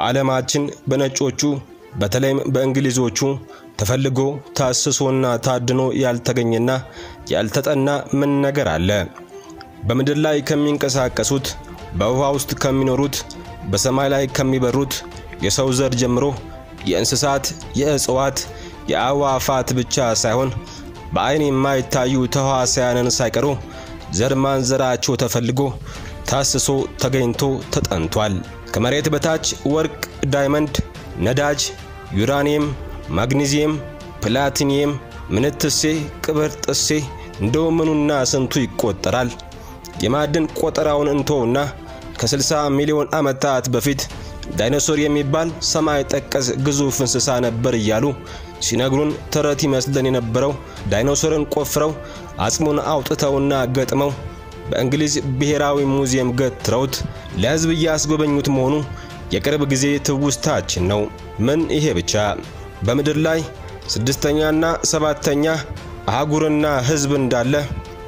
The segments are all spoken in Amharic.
በዓለማችን በነጮቹ በተለይም በእንግሊዞቹ ተፈልጎ ታስሶና ታድኖ ያልተገኘና ያልተጠና ምን ነገር አለ? በምድር ላይ ከሚንቀሳቀሱት፣ በውሃ ውስጥ ከሚኖሩት፣ በሰማይ ላይ ከሚበሩት የሰው ዘር ጀምሮ የእንስሳት፣ የእጽዋት፣ የአዋፋት ብቻ ሳይሆን በአይን የማይታዩ ተዋሳያንን ሳይቀሩ ዘር ማንዘራቸው ተፈልጎ ታስሶ ተገኝቶ ተጠንቷል። ከመሬት በታች ወርቅ፣ ዳይመንድ፣ ነዳጅ፣ ዩራኒየም፣ ማግኒዚየም፣ ፕላቲኒየም፣ ምንትሴ፣ ቅብርጥሴ እንደው ምኑና ስንቱ ይቆጠራል። የማዕድን ቆጠራውን እንተውና ከ60 ሚሊዮን ዓመታት በፊት ዳይኖሶር የሚባል ሰማይ ጠቀስ ግዙፍ እንስሳ ነበር እያሉ ሲነግሩን ተረት ይመስለን የነበረው ዳይኖሶርን ቆፍረው አጽሙን አውጥተውና ገጥመው በእንግሊዝ ብሔራዊ ሙዚየም ገትረውት ለሕዝብ እያስጎበኙት መሆኑ የቅርብ ጊዜ ትውስታችን ነው። ምን ይሄ ብቻ! በምድር ላይ ስድስተኛና ሰባተኛ አህጉርና ሕዝብ እንዳለ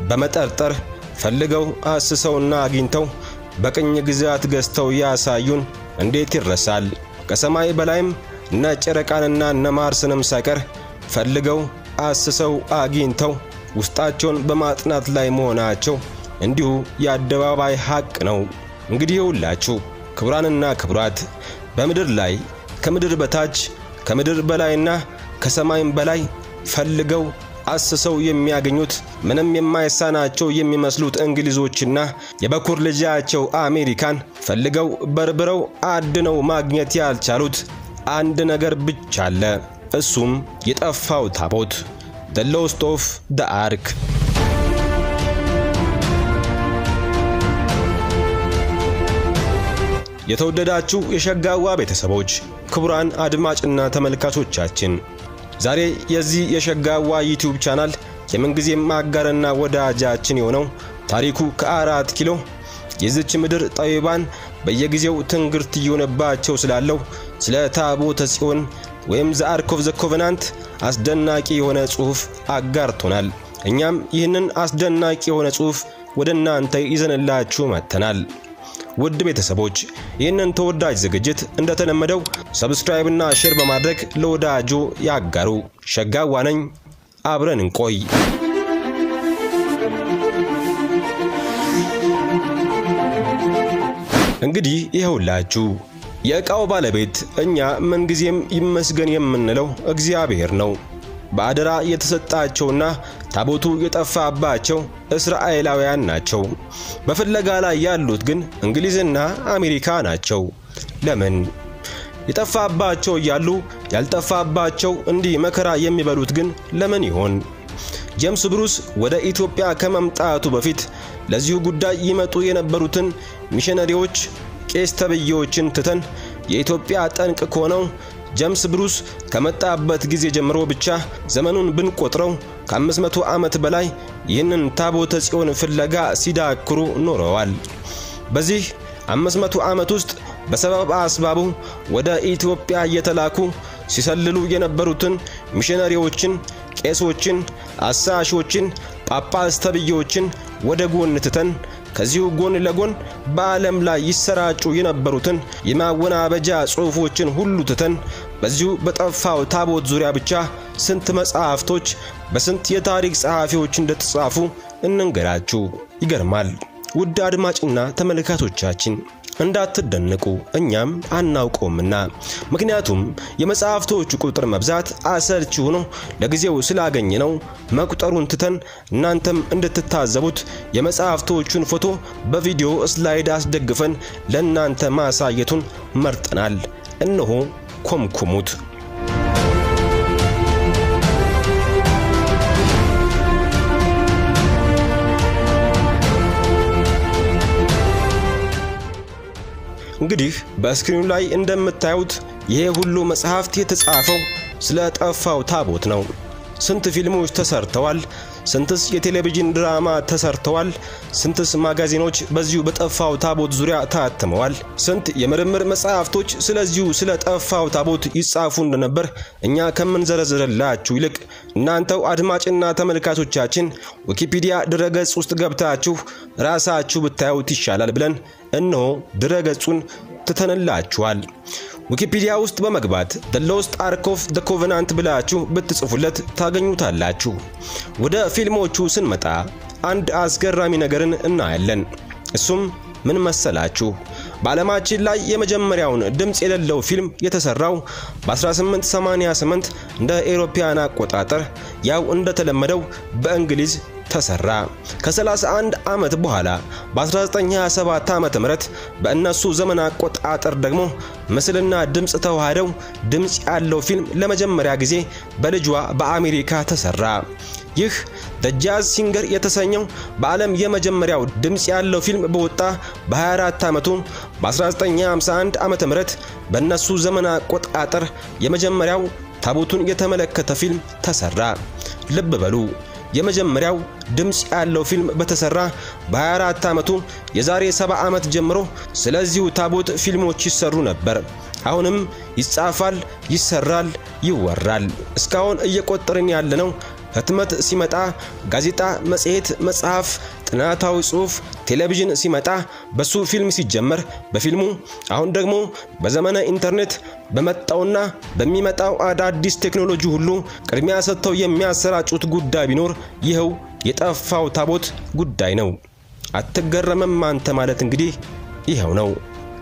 በመጠርጠር ፈልገው አስሰውና አግኝተው በቅኝ ግዛት ገዝተው ያሳዩን እንዴት ይረሳል? ከሰማይ በላይም እነ ጨረቃንና እነ ማርስንም ሳይቀር ፈልገው አስሰው አግኝተው ውስጣቸውን በማጥናት ላይ መሆናቸው እንዲሁ የአደባባይ ሀቅ ነው። እንግዲህ ይውላችሁ ክቡራንና ክቡራት በምድር ላይ ከምድር በታች ከምድር በላይና ከሰማይም በላይ ፈልገው አስሰው የሚያገኙት ምንም የማይሳናቸው የሚመስሉት እንግሊዞችና የበኩር ልጃቸው አሜሪካን ፈልገው በርብረው አድነው ማግኘት ያልቻሉት አንድ ነገር ብቻ አለ። እሱም የጠፋው ታቦት፣ ዘ ሎስት ኦፍ ዘ አርክ። የተወደዳችሁ የሸጋዋ ቤተሰቦች ክቡራን አድማጭና ተመልካቾቻችን ዛሬ የዚህ የሸጋዋ ዩቲዩብ ቻናል የምንጊዜም አጋርና ወዳጃችን የሆነው ታሪኩ ከአራት ኪሎ የዚች ምድር ጠቢባን በየጊዜው ትንግርት እየሆነባቸው ስላለው ስለ ታቦተ ጽዮን ወይም ዘአርኮቭ ዘኮቨናንት አስደናቂ የሆነ ጽሑፍ አጋርቶናል። እኛም ይህንን አስደናቂ የሆነ ጽሑፍ ወደ እናንተ ይዘንላችሁ መጥተናል። ውድ ቤተሰቦች ይህንን ተወዳጅ ዝግጅት እንደተለመደው ሰብስክራይብ እና ሼር በማድረግ ለወዳጁ ያጋሩ። ሸጋዋ ነኝ። አብረን እንቆይ። እንግዲህ ይኸውላችሁ የእቃው ባለቤት እኛ ምንጊዜም ይመስገን የምንለው እግዚአብሔር ነው። በአደራ የተሰጣቸውና ታቦቱ የጠፋባቸው እስራኤላውያን ናቸው። በፍለጋ ላይ ያሉት ግን እንግሊዝና አሜሪካ ናቸው። ለምን? የጠፋባቸው እያሉ ያልጠፋባቸው እንዲህ መከራ የሚበሉት ግን ለምን ይሆን? ጄምስ ብሩስ ወደ ኢትዮጵያ ከመምጣቱ በፊት ለዚሁ ጉዳይ ይመጡ የነበሩትን ሚሽነሪዎች ቄስ ተብዬዎችን ትተን የኢትዮጵያ ጠንቅ ከሆነው ጀምስ ብሩስ ከመጣበት ጊዜ ጀምሮ ብቻ ዘመኑን ብንቆጥረው ከ500 ዓመት በላይ ይህንን ታቦተ ጽዮን ፍለጋ ሲዳክሩ ኖረዋል። በዚህ 500 ዓመት ውስጥ በሰበብ አስባቡ ወደ ኢትዮጵያ እየተላኩ ሲሰልሉ የነበሩትን ሚሽነሪዎችን፣ ቄሶችን፣ አሳሾችን፣ ጳጳስ ተብዬዎችን ወደ ጎን ትተን ከዚሁ ጎን ለጎን በዓለም ላይ ይሰራጩ የነበሩትን የማወናበጃ ጽሑፎችን ሁሉ ትተን በዚሁ በጠፋው ታቦት ዙሪያ ብቻ ስንት መጽሐፍቶች በስንት የታሪክ ጸሐፊዎች እንደተጻፉ እንንገራችሁ። ይገርማል። ውድ አድማጭና ተመልካቶቻችን? እንዳትደነቁ እኛም አናውቀውምና። ምክንያቱም የመጽሐፍቶቹ ቁጥር መብዛት አሰልቺ ሆኖ ለጊዜው ስላገኘ ነው። መቁጠሩን ትተን እናንተም እንድትታዘቡት የመጽሐፍቶቹን ፎቶ በቪዲዮ ስላይድ አስደግፈን ለእናንተ ማሳየቱን መርጠናል። እነሆ ኮምኩሙት። እንግዲህ በስክሪኑ ላይ እንደምታዩት ይሄ ሁሉ መጽሐፍት የተጻፈው ስለ ጠፋው ታቦት ነው። ስንት ፊልሞች ተሰርተዋል? ስንትስ የቴሌቪዥን ድራማ ተሰርተዋል? ስንትስ ማጋዚኖች በዚሁ በጠፋው ታቦት ዙሪያ ታትመዋል? ስንት የምርምር መጽሐፍቶች ስለዚሁ ስለ ጠፋው ታቦት ይጻፉ እንደነበር እኛ ከምንዘረዝርላችሁ ይልቅ እናንተው አድማጭና ተመልካቾቻችን ዊኪፒዲያ ድረገጽ ውስጥ ገብታችሁ ራሳችሁ ብታዩት ይሻላል ብለን እነሆ ድረ ገጹን ትተንላችኋል። ዊኪፒዲያ ውስጥ በመግባት ደ ሎስት አርክ ኦፍ ደ ኮቨናንት ብላችሁ ብትጽፉለት ታገኙታላችሁ። ወደ ፊልሞቹ ስንመጣ አንድ አስገራሚ ነገርን እናያለን። እሱም ምን መሰላችሁ? በዓለማችን ላይ የመጀመሪያውን ድምፅ የሌለው ፊልም የተሰራው በ1888 እንደ ኤሮፓያን አቆጣጠር ያው እንደተለመደው በእንግሊዝ ተሰራ። ከ31 ዓመት በኋላ በ1927 ዓመተ ምህረት በእነሱ ዘመን አቆጣጠር ደግሞ ምስልና ድምፅ ተዋህደው ድምፅ ያለው ፊልም ለመጀመሪያ ጊዜ በልጇ በአሜሪካ ተሰራ። ይህ ደ ጃዝ ሲንገር የተሰኘው በዓለም የመጀመሪያው ድምፅ ያለው ፊልም በወጣ በ24 ዓመቱ በ1951 ዓመተ ምህረት በእነሱ ዘመን አቆጣጠር የመጀመሪያው ታቦቱን የተመለከተ ፊልም ተሰራ። ልብ በሉ የመጀመሪያው ድምፅ ያለው ፊልም በተሰራ በ24 ዓመቱ የዛሬ 70 ዓመት ጀምሮ ስለዚሁ ታቦት ፊልሞች ይሰሩ ነበር። አሁንም ይጻፋል፣ ይሰራል፣ ይወራል። እስካሁን እየቆጠርን ያለነው ህትመት ሲመጣ ጋዜጣ፣ መጽሔት፣ መጽሐፍ፣ ጥናታዊ ጽሑፍ፣ ቴሌቪዥን ሲመጣ በሱ ፊልም ሲጀመር በፊልሙ አሁን ደግሞ በዘመነ ኢንተርኔት በመጣውና በሚመጣው አዳዲስ ቴክኖሎጂ ሁሉ ቅድሚያ ሰጥተው የሚያሰራጩት ጉዳይ ቢኖር ይኸው የጠፋው ታቦት ጉዳይ ነው። አትገረመም አንተ ማለት እንግዲህ ይኸው ነው።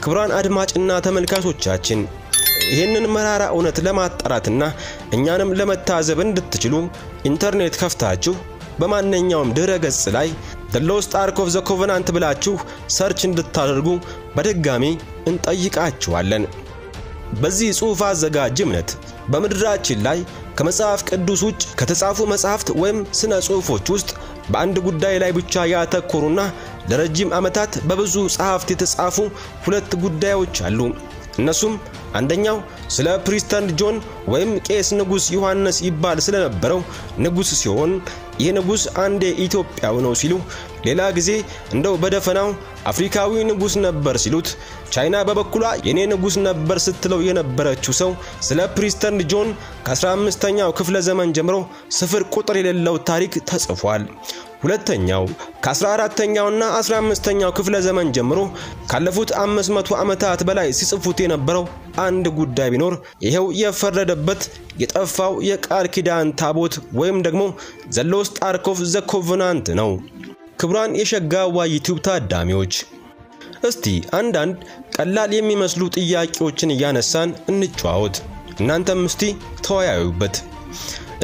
ክቡራን አድማጭና ተመልካቾቻችን ይህንን መራራ እውነት ለማጣራትና እኛንም ለመታዘብ እንድትችሉ ኢንተርኔት ከፍታችሁ በማንኛውም ድረ ገጽ ላይ ዘ ሎስት አርክ ኦፍ ዘ ኮቨናንት ብላችሁ ሰርች እንድታደርጉ በድጋሚ እንጠይቃችኋለን። በዚህ ጽሑፍ አዘጋጅ እምነት በምድራችን ላይ ከመጽሐፍ ቅዱስ ውጭ ከተጻፉ መጽሐፍት ወይም ስነ ጽሑፎች ውስጥ በአንድ ጉዳይ ላይ ብቻ ያተኮሩና ለረጅም ዓመታት በብዙ ጸሐፍት የተጻፉ ሁለት ጉዳዮች አሉ። እነሱም አንደኛው ስለ ፕሪስተንድ ጆን ወይም ቄስ ንጉስ ዮሐንስ ይባል ስለነበረው ንጉስ ሲሆን ይህ ንጉስ አንዴ ኢትዮጵያዊ ነው ሲሉ ሌላ ጊዜ እንደው በደፈናው አፍሪካዊ ንጉስ ነበር ሲሉት፣ ቻይና በበኩሏ የኔ ንጉስ ነበር ስትለው የነበረችው ሰው ስለ ፕሪስተን ጆን ከ15ኛው ክፍለ ዘመን ጀምሮ ስፍር ቁጥር የሌለው ታሪክ ተጽፏል። ሁለተኛው ከ14ኛውና 15ኛው ክፍለ ዘመን ጀምሮ ካለፉት 500 ዓመታት በላይ ሲጽፉት የነበረው አንድ ጉዳይ ቢኖር ይሄው የፈረደበት የጠፋው የቃል ኪዳን ታቦት ወይም ደግሞ ዘ ሎስት አርክ ኦፍ ዘ ኮቨናንት ነው። ክቡራን የሸጋ ዋ ዩቲዩብ ታዳሚዎች እስቲ አንዳንድ ቀላል የሚመስሉ ጥያቄዎችን እያነሳን እንጨዋወት። እናንተም እስቲ ተወያዩበት።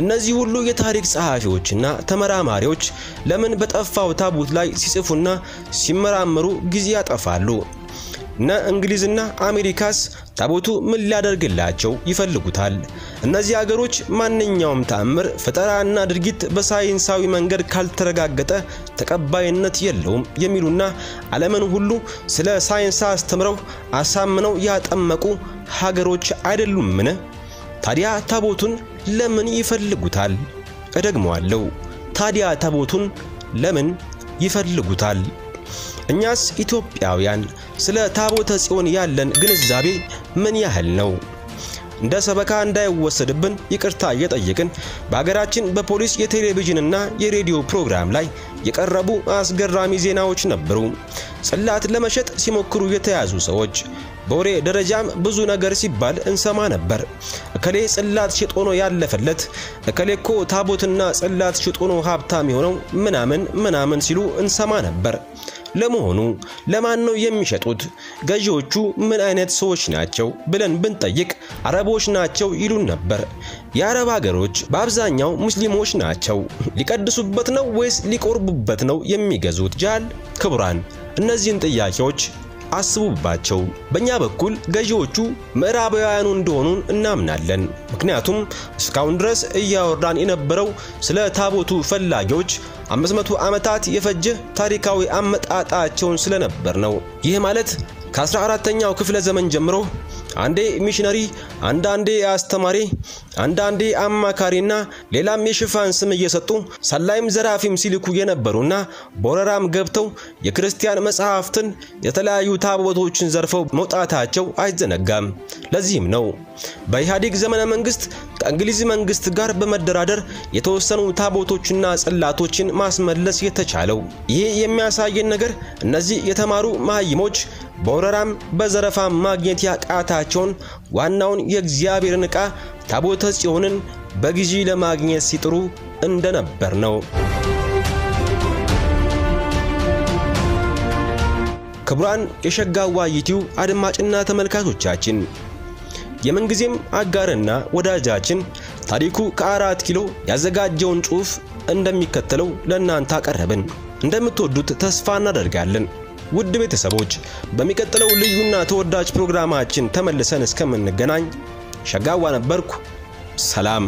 እነዚህ ሁሉ የታሪክ ጸሐፊዎችና ተመራማሪዎች ለምን በጠፋው ታቦት ላይ ሲጽፉና ሲመራመሩ ጊዜ ያጠፋሉ? እነ እንግሊዝና አሜሪካስ ታቦቱ ምን ሊያደርግላቸው ይፈልጉታል? እነዚህ አገሮች ማንኛውም ተአምር ፈጠራና ድርጊት በሳይንሳዊ መንገድ ካልተረጋገጠ ተቀባይነት የለውም የሚሉና ዓለምን ሁሉ ስለ ሳይንስ አስተምረው አሳምነው ያጠመቁ ሀገሮች አይደሉምን? ታዲያ ታቦቱን ለምን ይፈልጉታል? እደግመዋለሁ። ታዲያ ታቦቱን ለምን ይፈልጉታል? እኛስ ኢትዮጵያውያን ስለ ታቦተ ጽዮን ያለን ግንዛቤ ምን ያህል ነው? እንደ ሰበካ እንዳይወሰድብን ይቅርታ እየጠየቅን በሀገራችን በፖሊስ የቴሌቪዥንና የሬዲዮ ፕሮግራም ላይ የቀረቡ አስገራሚ ዜናዎች ነበሩ። ጽላት ለመሸጥ ሲሞክሩ የተያዙ ሰዎች፣ በወሬ ደረጃም ብዙ ነገር ሲባል እንሰማ ነበር። እከሌ ጽላት ሽጦ ነው ያለፈለት፣ እከሌ እኮ ታቦትና ጽላት ሽጦ ነው ሀብታም የሆነው ምናምን ምናምን ሲሉ እንሰማ ነበር። ለመሆኑ ለማን ነው የሚሸጡት? ገዢዎቹ ምን አይነት ሰዎች ናቸው ብለን ብንጠይቅ አረቦች ናቸው ይሉን ነበር። የአረብ ሀገሮች በአብዛኛው ሙስሊሞች ናቸው። ሊቀድሱበት ነው ወይስ ሊቆርቡበት ነው የሚገዙት? ጃል ክቡራን እነዚህን ጥያቄዎች አስቡባቸው። በእኛ በኩል ገዢዎቹ ምዕራባውያኑ እንደሆኑን እናምናለን። ምክንያቱም እስካሁን ድረስ እያወራን የነበረው ስለ ታቦቱ ፈላጊዎች 500 ዓመታት የፈጀ ታሪካዊ አመጣጣቸውን ስለነበር ነው። ይህ ማለት ከ14ኛው ክፍለ ዘመን ጀምሮ አንዴ ሚሽነሪ፣ አንዳንዴ አስተማሪ፣ አንዳንዴ አማካሪና ሌላም የሽፋን ስም እየሰጡ ሰላይም ዘራፊም ሲልኩ የነበሩና በወረራም ገብተው የክርስቲያን መጽሐፍትን፣ የተለያዩ ታቦቶችን ዘርፈው መውጣታቸው አይዘነጋም። ለዚህም ነው በኢህአዴግ ዘመነ መንግስት ከእንግሊዝ መንግስት ጋር በመደራደር የተወሰኑ ታቦቶችና ጽላቶችን ማስመለስ የተቻለው። ይህ የሚያሳየን ነገር እነዚህ የተማሩ መሀይሞች በወረራም በዘረፋም ማግኘት ያቃታ ያላቸውን ዋናውን የእግዚአብሔርን ዕቃ ታቦተ ጽዮንን በግዢ ለማግኘት ሲጥሩ እንደነበር ነው። ክቡራን የሸጋዋ ዩቲዩብ አድማጭና ተመልካቾቻችን የምንጊዜም አጋርና ወዳጃችን ታሪኩ ከአራት ኪሎ ያዘጋጀውን ጽሑፍ እንደሚከተለው ለእናንተ አቀረብን። እንደምትወዱት ተስፋ እናደርጋለን። ውድ ቤተሰቦች በሚቀጥለው ልዩና ተወዳጅ ፕሮግራማችን ተመልሰን እስከምንገናኝ ሸጋዋ ነበርኩ። ሰላም